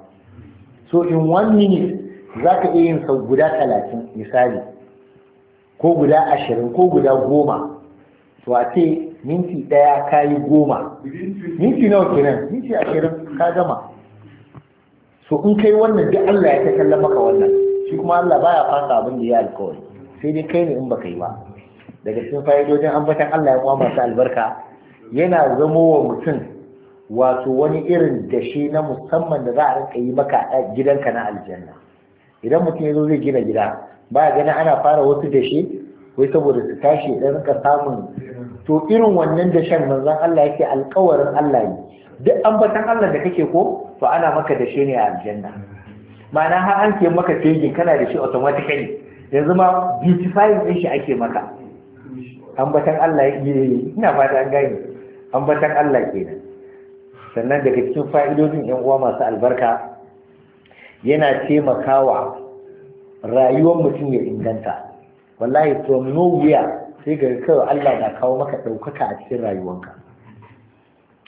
so in one minute za ka iya yin sau guda talatin misali ko guda ashirin ko guda goma to a ce minti ɗaya ka yi goma minti nawa kenan minti ashirin ka gama so in kai wannan duk Allah ya ta kalla maka wannan shi kuma Allah baya fasa abin da ya alkawari sai dai kai ne in baka yi ba daga cikin fa'idojin ambatan Allah ya kuma masu albarka yana zamo wa mutum wato wani irin dashe na musamman da za a rinka yi maka a gidanka na aljanna idan mutum ya zo zai gina gida ba gani ana fara wasu dashe wai saboda su tashi dan rika samun to irin wannan dashen manzon Allah yake alƙawarin Allah ne duk ambatan Allah da kake ko to ana maka dashe ne a aljanna ma'ana har an ke maka fegin kana da shi automatically yanzu ma beautifying din shi ake maka ambatan Allah yake eh, ina fata an gane ambatan Allah kenan sannan daga cikin fa'idodin yan uwa masu albarka yana taimakawa rayuwar mutum ya inganta wallahi from nowhere sai ga kawai Allah na kawo maka ɗaukaka a cikin rayuwarka.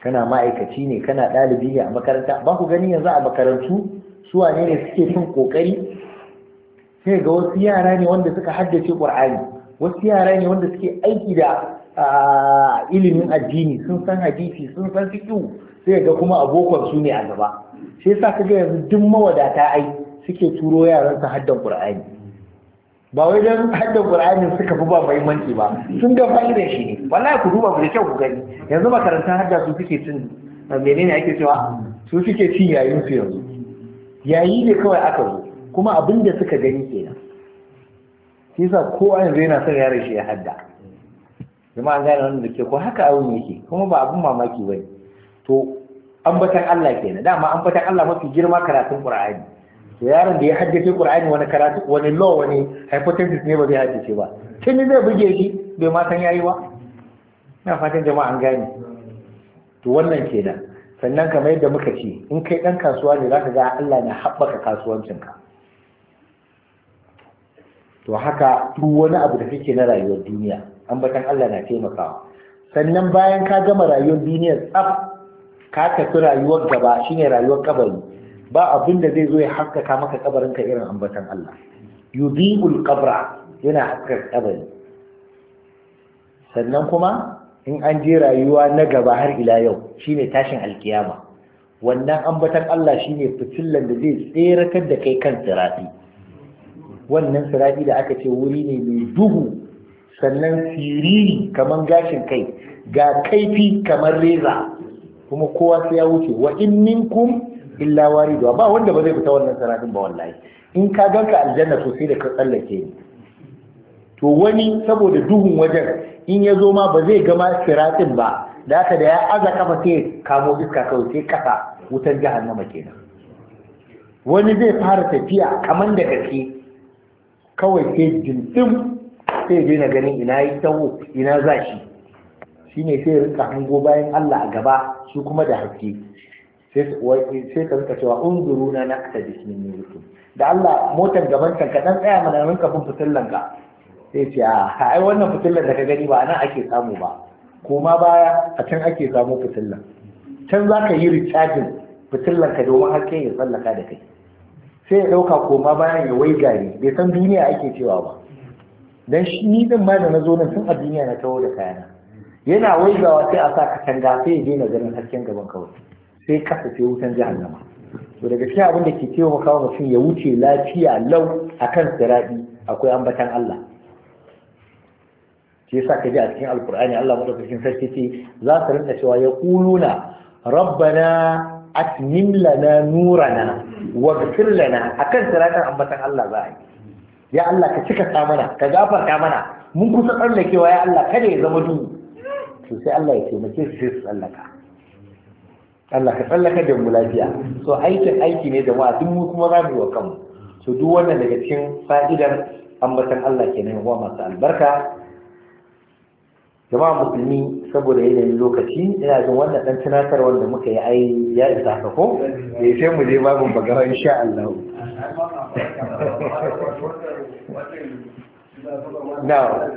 kana ma'aikaci ne kana ɗalibi ne a makaranta ba ku gani yanzu a makarantu su wane ne suke cin kokari sai ga wasu yara ne wanda suka haddace ƙur'ani wasu yara ne wanda suke aiki da ah, ilimin addini sun san hadisi sun san fiqh sai ga kuma abokan su ne a gaba shi yasa ga yanzu duk mawadata ai suke turo yaran su haddan qur'ani ba wai dan haddan qur'ani suka fi ba muhimmanci ba sun ga fa'idar shi ne wallahi ku duba da kyau ku gani yanzu makarantar hadda su suke cin eh, menene ake cewa su suke cin yayin su yanzu yayi ne kawai aka zo kuma abin da suka gani kenan shi yasa kowa yanzu yana son yaran shi ya hadda jama'a gane wannan da ke ko haka abin yake kuma ba abin mamaki bane to ambatan Allah kenan dama ambatan Allah mafi girma karatun Qur'ani to yaron da ya haddace Qur'ani wani karatu wani law wani hypothesis ne ba zai haddace ba kin zai buge shi bai ma san yayi ba ina fatan jama'a an gane to wannan kenan sannan kamar yadda muka ce in kai dan kasuwa ne zaka ga Allah na haɓaka kasuwancinka to haka duk wani abu da kake na rayuwar duniya ambatan Allah na taimakawa sannan bayan ka gama rayuwar duniyar tsaf ka tafi rayuwar gaba shine rayuwar kabari ba abin da zai zo ya haskaka maka kabarin irin ambatan Allah yudibul qabra yana haskaka kabari sannan kuma in an je rayuwa na gaba har ila yau shine tashin alkiyama wannan ambatan Allah shine fitillan da zai tseratar da kai kan sirati wannan sirati da aka ce wuri ne mai duhu sannan siriri kamar gashin kai ga kaifi kamar reza kuma kowa sai ya wuce wa in minkum illa waridu ba wanda ba zai fita wannan sanadin ba wallahi in ka ganka aljanna to sai da ka tsallake ni to wani saboda duhun wajen in ya zo ma ba zai gama siratin ba da haka da ya aza kafa sai kamo iska kawai sai kasa wutar jahannama kenan wani zai fara tafiya kamar da kake kawai sai jinsim sai je na ganin ina yi tawo ina za shine sai rinka hango bayan Allah a gaba su kuma da haske sai ka rinka cewa unzuru na naqta bismin da Allah motar gaban ka dan tsaya mana rinka bin fitillan ka sai ce ah, a ai wannan fitillan da ka gani ba nan ake samu ba koma baya a can ake samu fitillan can za ka yi ricajin fitillan ka domin haske ya tsallaka da kai sai ya ɗauka koma bayan ya wai gari bai san duniya ake cewa ba dan shi ni din ma da na zo nan tun a duniya na taho da kayana yana waigawa sai a sa katanga sai ya daina ganin hasken gaban kawai sai kasa sai wutan jahannama to daga cikin abin da ke taimaka wa mutum ya wuce lafiya lau akan sirabi akwai ambatan Allah shi yasa ka ji a cikin alkur'ani Allah madaukakin sarki ce za su rinka cewa ya kuluna rabbana atmim lana nurana waghfir lana akan siratan ambatan Allah za a yi ya Allah ka cika ta mana ka gafarta mana mun kusa tsallakewa ya Allah kada ya zama duhu to sai Allah ya taimake su sai su tsallaka Allah ka tsallaka da mu lafiya so aikin aiki ne da duk mu kuma za mu wa kanmu To duk wannan daga cikin fa'idar ambatan Allah kenan wa masu albarka jama'a musulmi saboda yanayin lokaci ina jin wannan dan tunatar wanda muka yi ai ya isa haka ko eh, sai mu je babu bagara insha Allah na'am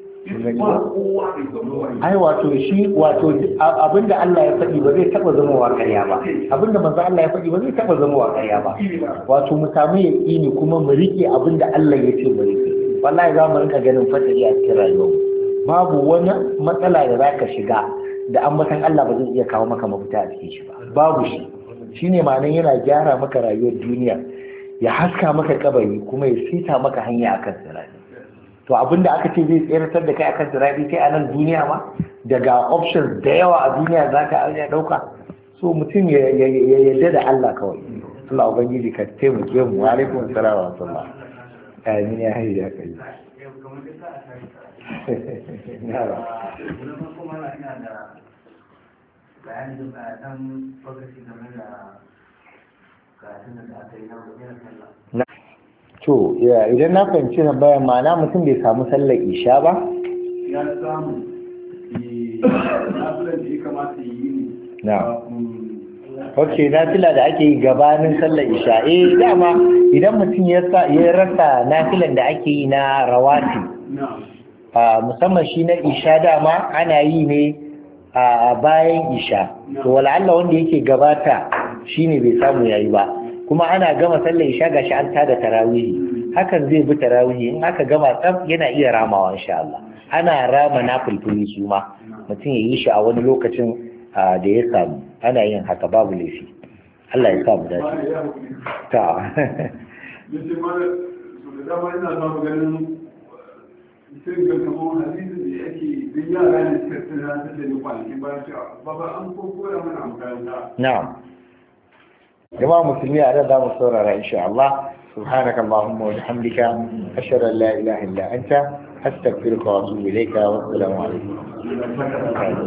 ai wato shi wato abinda Allah ya faɗi ba zai taɓa zama wa ƙarya ba abinda manzo Allah ya faɗi ba zai taɓa zama wa ƙarya ba wato mu samu yaƙini kuma mu rike abinda Allah ya ce mu rike wallahi za mu rinka ganin fasari a cikin rayuwa babu wani matsala da zaka shiga da an matan Allah ba zai iya kawo maka mafita a cikin shi ba babu shi shine ma'anar yana gyara maka rayuwar duniya ya haska maka kabari kuma ya sita maka hanya akan sirari to abinda aka ce zai tsayar da kai akan sirari kai a nan duniya ma daga options da yawa a duniya za ka ya ɗauka so mutum ya yarda da Allah kawai Allah ubangiji ka taimake mu wa alaikum salam wa rahmatullah amin ya hayyu ya kai bayanin da ɗan fagasi game da karatun da aka yi na to idan na fahimci na bayan ma'ana mutum bai samu sallar isha ba ya samu eh, na da ya kamata yi ne na ok nafila da ake yi gabanin sallar isha eh dama idan mutum ya rasa na filan da ake yi na rawati musamman shi na isha dama ana yi ne a bayan isha to wala'alla wanda yake gabata shi ne bai samu yayi ba kuma ana gama sallar isha gashi an tada tarawihi hakan zai bi tarawihi in aka gama tsaf yana iya ramawa insha Allah ana rama na fulfuli su ma mutum ya yi shi a wani lokacin da ya samu ana yin haka babu laifi Allah ya samu dace ta dama ina samu ganin sun ga kamar hadisin da yake duk yara da suka tsira ta da kwanakin bayan cewa baba an ko koya mana a makaranta jama'a musulmi a nan zamu saurara insha Allah سبحانك اللهم وبحمدك أشهد أن لا إله إلا أنت أستغفرك وأتوب إليك والسلام عليكم